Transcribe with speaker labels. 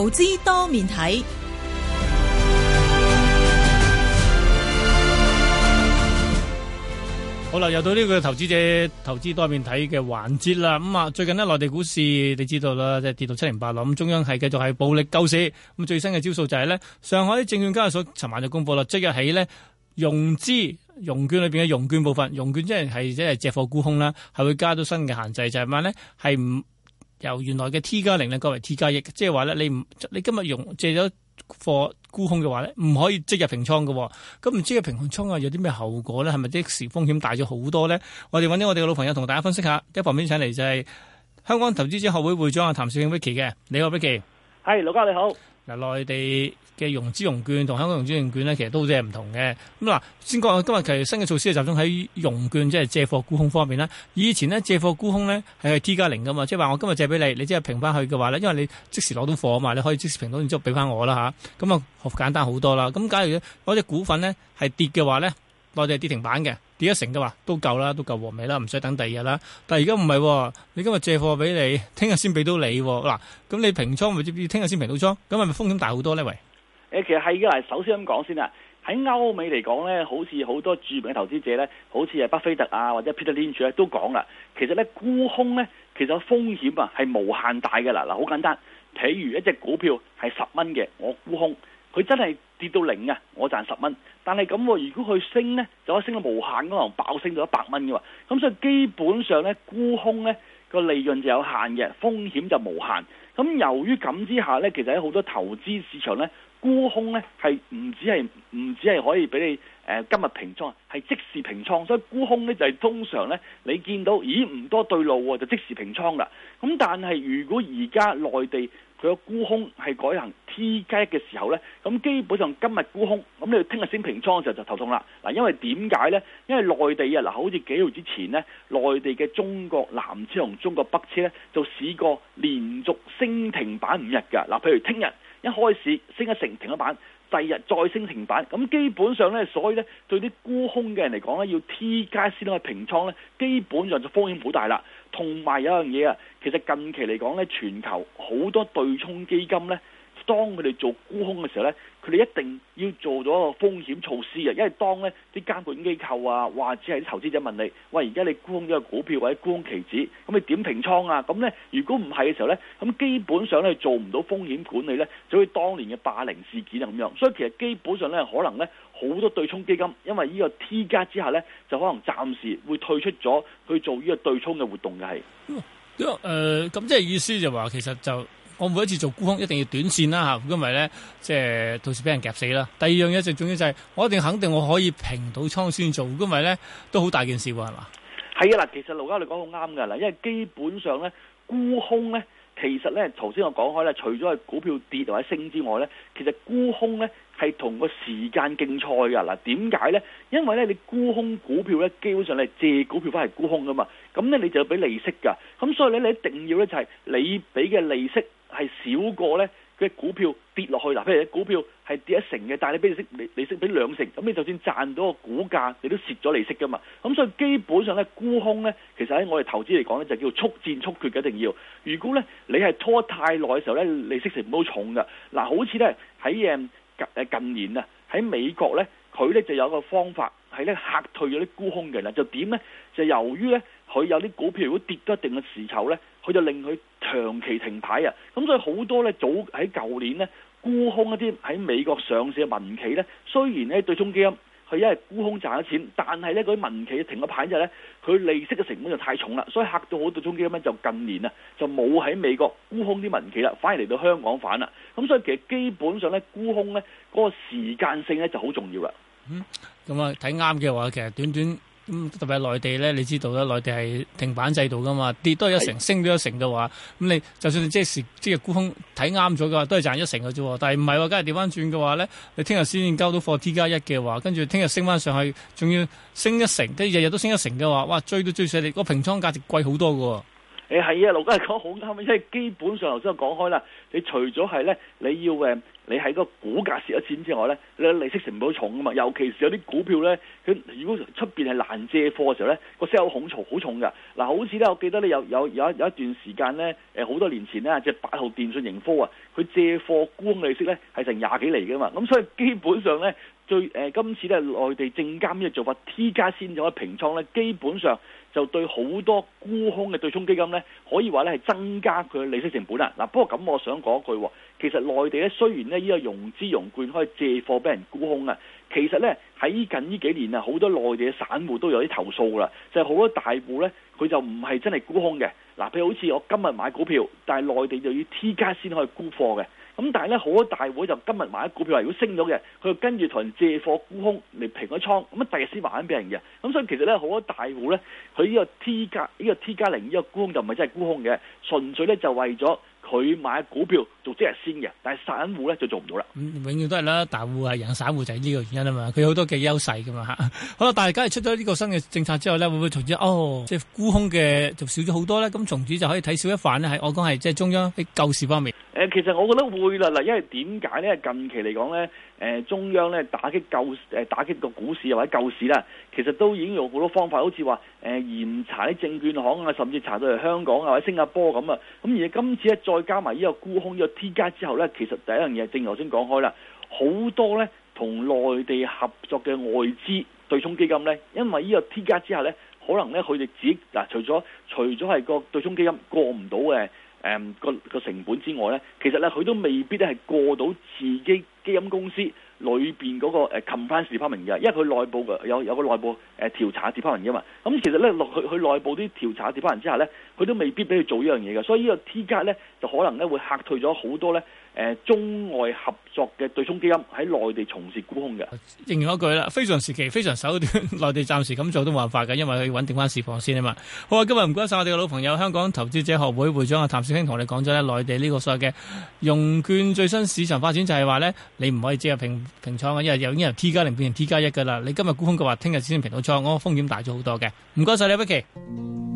Speaker 1: 投資多面睇，
Speaker 2: 好啦，又到呢個投資者投資多面睇嘅環節啦。咁啊，最近呢內地股市你知道啦，即係跌到七零八落。咁中央係繼續係暴力救市。咁最新嘅招數就係、是、呢上海啲證券交易所尋晚就公布啦，即日起呢，融資融券裏邊嘅融券部分，融券即係係即係借貨沽空啦，係會加到新嘅限制，就係、是、咩呢？係唔。由原來嘅 T 加零咧改為 T 加一，1，即係話咧你唔你今日用借咗貨沽空嘅話咧，唔可以即日平倉嘅、哦，咁唔知個平倉啊有啲咩後果咧？係咪啲時風險大咗好多咧？我哋揾啲我哋嘅老朋友同大家分析一下，一旁邊請嚟就係香港投資者學會會長啊，譚紹興 Vicky 嘅，你好 Vicky，係，老哥，你好，嗱，內地，嘅融資融券同香港融資融券咧，其實都即係唔同嘅。咁嗱，先講今日其實新嘅措施係集中喺融券即係借貨沽空方面啦。以前咧借貨沽空咧係 T 加零噶嘛，即係話我今日借俾你，你即係平翻去嘅話咧，因為你即時攞到貨啊嘛，你可以即時平到然之後俾翻我啦吓，咁啊，簡單好多啦。咁假如攞隻股份咧係跌嘅話咧，我哋係跌停板嘅，跌一成嘅話都夠啦，都夠和味啦，唔使等第二日啦。但係而家唔係，你今日借貨俾你，聽日先俾到你嗱。咁你平倉咪要聽日先平到倉？咁係咪風險大好多咧？喂！
Speaker 1: 誒，其實係嘅。嗱，首先咁講先啦，喺歐美嚟講咧，好似好多著名嘅投資者咧，好似係巴菲特啊，或者 Peter Lynch 咧、啊，都講啦，其實咧沽空咧，其實個風險啊係無限大嘅啦。嗱，好簡單，譬如一隻股票係十蚊嘅，我沽空，佢真係跌到零啊，我賺十蚊，但係咁如果佢升咧，就可以升到無限可能，爆升到一百蚊嘅嘛。咁所以基本上咧沽空咧。個利潤就有限嘅，風險就無限。咁由於咁之下呢，其實喺好多投資市場呢，沽空呢係唔只係唔只係可以俾你、呃、今日平倉，係即時平倉。所以沽空呢，就係通常呢，你見到咦唔多對路喎，就即時平倉啦。咁但係如果而家內地，佢個沽空係改行 T 加一嘅時候呢，咁基本上今日沽空，咁你聽日先平倉嘅時候就頭痛啦。嗱，因為點解呢？因為內地啊，嗱，好似幾號之前呢，內地嘅中國南車同中國北車呢，就試過連續升停板五日㗎。嗱，譬如聽日一開始升一成停一板，第二日再升停板，咁基本上呢，所以呢，對啲沽空嘅人嚟講呢，要 T 加一先可以平倉呢，基本上就風險好大啦。同埋有一樣嘢啊，其實近期嚟講咧，全球好多對沖基金咧。當佢哋做沽空嘅時候呢，佢哋一定要做咗一個風險措施嘅，因為當呢啲監管機構啊，或者係啲投資者問你，喂，而家你沽空呢個股票或者沽空期指，咁你點平倉啊？咁呢，如果唔係嘅時候呢，咁基本上呢做唔到風險管理呢。就好似當年嘅霸菱事件啊咁樣。所以其實基本上呢，可能呢好多對沖基金，因為呢個 T 加之下呢，就可能暫時會退出咗去做呢個對沖嘅活動嘅
Speaker 2: 係。誒、呃，咁即係意思就話、是，其實就。我每一次做沽空一定要短線啦、啊、嚇，因為咧即係到時俾人夾死啦。第二樣嘢就重要就係我一定肯定我可以平到倉先做，因為咧都好大件事喎，係嘛？
Speaker 1: 係啊！嗱，其實盧家你講好啱㗎啦，因為基本上咧沽空咧，其實咧頭先我講開咧，除咗係股票跌或者升之外咧，其實沽空咧係同個時間競賽㗎嗱。點解咧？因為咧你沽空股票咧，基本上係借股票翻嚟沽空㗎嘛，咁咧你就要俾利息㗎，咁所以咧你一定要咧就係你俾嘅利息，係少過咧嘅股票跌落去嗱，譬如啲股票係跌一成嘅，但係你俾利息，你利息俾兩成，咁你就算賺到個股價，你都蝕咗利息噶嘛。咁所以基本上咧沽空咧，其實喺我哋投資嚟講咧，就叫做速戰速決嘅一定要。如果咧你係拖太耐嘅時候咧，利息成唔到重㗎。嗱、啊，好似咧喺誒誒近年啊，喺美國咧，佢咧就有個方法係咧嚇退咗啲沽空嘅啦。就點咧？就由於咧佢有啲股票如果跌咗一定嘅時數咧。佢就令佢長期停牌啊！咁所以好多咧，早喺舊年呢，沽空一啲喺美國上市嘅民企呢。雖然咧對沖基金佢因為沽空賺咗錢，但係咧佢啲民企停咗牌之後咧，佢利息嘅成本就太重啦，所以嚇到好多對沖基金就近年啊，就冇喺美國沽空啲民企啦，反而嚟到香港反啦。咁所以其實基本上咧，沽空咧嗰個時間性咧就好重要啦。嗯，
Speaker 2: 咁啊睇啱嘅話，其實短短。咁特別係內地咧，你知道啦，內地係停板制度噶嘛，跌都係一成，的升都一成嘅話，咁你就算你即係時即係沽空睇啱咗嘅話，都係賺一成嘅啫。但係唔係話梗係掉翻轉嘅話咧，你聽日先交到貨，T 加一嘅話，跟住聽日升翻上去，仲要升一成，跟住日日都升一成嘅話，哇，追都追死你，個平倉價值貴好多嘅
Speaker 1: 喎。誒係啊，盧家講得好啱，因為基本上頭先我講開啦，你除咗係咧，你要你喺個股價蝕咗錢之外咧，你嘅利息成本好重㗎嘛，尤其是有啲股票咧，佢如果出面係難借貨嘅時候咧，個 sell 好嘈好重㗎。嗱，好似咧，我記得咧有有有一有一段時間咧，好多年前咧，隻八號電訊盈科啊，佢借貨沽利息咧係成廿幾厘㗎嘛，咁所以基本上咧，最、呃、今次咧，內地證監嘅做法 T 加一先至可以平倉咧，基本上。就對好多沽空嘅對沖基金呢，可以話呢係增加佢嘅利息成本啦。嗱、啊，不過咁我想講一句，其實內地呢，雖然呢依、這個融資融券可以借貨俾人沽空啊，其實呢喺近呢幾年啊，好多內地嘅散戶都有啲投訴啦，就係、是、好多大戶呢，佢就唔係真係沽空嘅。嗱、啊，譬如好似我今日買股票，但係內地就要 T 加先可以沽貨嘅。咁但係咧好多大戶就今日買咗股票，如果升咗嘅，佢就跟住同人借貨沽空嚟平咗倉，咁啊第日先還俾人嘅。咁所以其實咧好多大戶咧，佢呢個 T 加呢個 T 加零呢個沽空就唔係真係沽空嘅，純粹咧就為咗。佢買股票做即日先嘅，但係散戶
Speaker 2: 咧就做唔到啦。永遠都係啦，大戶係人散戶就係呢個原因啊嘛。佢好多嘅優勢噶嘛嚇。好啦，但係今日出咗呢個新嘅政策之後咧，會唔會從此？哦，即係沽空嘅就少咗好多咧？咁從此就可以睇少一範咧，係我講係即係中央啲救市方面。
Speaker 1: 誒，其實我覺得會啦嗱，因為點解咧？近期嚟講咧，誒中央咧打擊救誒打擊個股市又或者救市啦。其實都已經用好多方法，好似話誒嚴查啲證券行啊，甚至查到嚟香港啊或者新加坡咁啊。咁而今次呢，再加埋呢個沽空呢個 T 加之後呢，其實第一樣嘢正頭先講開啦，好多呢，同內地合作嘅外資對沖基金呢，因為呢個 T 加之後呢，可能呢，佢哋自己嗱、呃、除咗除咗係個對沖基金過唔到嘅個成本之外呢，其實呢，佢都未必咧係過到自己基金公司，裏邊嗰個 compliance department 嘅，因為佢內部嘅有有個內部誒調、呃、查 department 嘅嘛，咁、嗯、其實咧落去去內部啲調查 department 之下咧，佢都未必俾佢做呢樣嘢嘅，所以個呢個 T 卡咧就可能咧會嚇退咗好多咧。誒，中外合作嘅對沖基金喺內地從事沽空嘅。
Speaker 2: 應用一句啦，非常時期非常手段，內地暫時咁做都冇辦法嘅，因為要穩定翻市況先啊嘛。好啊，今日唔該晒我哋嘅老朋友香港投資者學會會長阿譚少卿同你講咗咧，內地呢個所謂嘅融券最新市場發展就係話咧，你唔可以即刻平平倉嘅，因為又已經由 T 加零變成 T 加一嘅啦。你今日沽空嘅話，聽日先平到倉，我風險大咗好多嘅。唔該晒你，碧琪。